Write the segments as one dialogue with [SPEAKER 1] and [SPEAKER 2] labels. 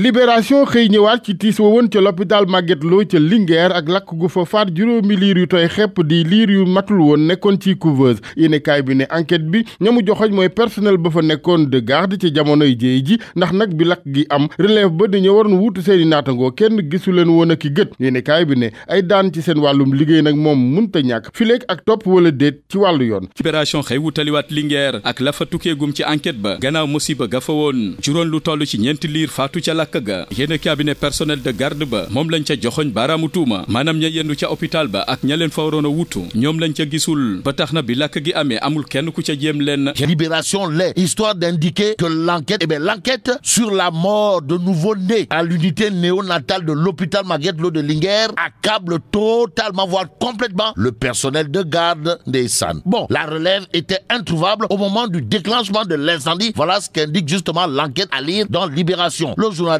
[SPEAKER 1] libération xëy ñëwaat ci tiis woon ca l'hôpital Magatte Lô ca Linguère ak lakk gu fa faat juróomi liir yu tooy xepp di liir yu matul woon nekkoon ci couveuse yéenekaay bi ne enquête bi ñamu joxoñ mooy personnel ba fa nekkoon de garde ci jamonoy jéey ji ndax nag bi lakk gi am relève ba dañoo waroon wuutu seeni naatangoo kenn gisu leen woon ak i gët yéenekaay bi ne daan ci seen wàllum liggéey nag moom munta ñàkk fileeg ak topp wala déet ci wàllu yoon
[SPEAKER 2] libération xëy wutaliwaat Linguère ak la fa tukkeegum ci enquête ba gannaaw musiba ga fa woon juróon lu toll ci ñeenti liir faatu ca lakk cabinet personnel de garde hôpital libération
[SPEAKER 3] l'histoire histoire d'indiquer que l'enquête eh l'enquête sur la mort de nouveau né à l'unité néonatale de l'hôpital maguette de Linger accable totalement voire complètement le personnel de garde des SAN bon la relève était introuvable au moment du déclenchement de l'incendie voilà ce qu'indique justement l'enquête à lire dans Libération le journal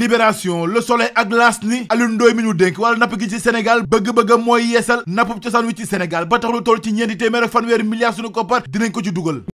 [SPEAKER 4] libération le soleil ak glace ni wala napp gi ci Sénégal bëgg-bëgg mooy ci Sénégal ba tax lu toll ci ñeenti téeméer ak milliards dinañ ko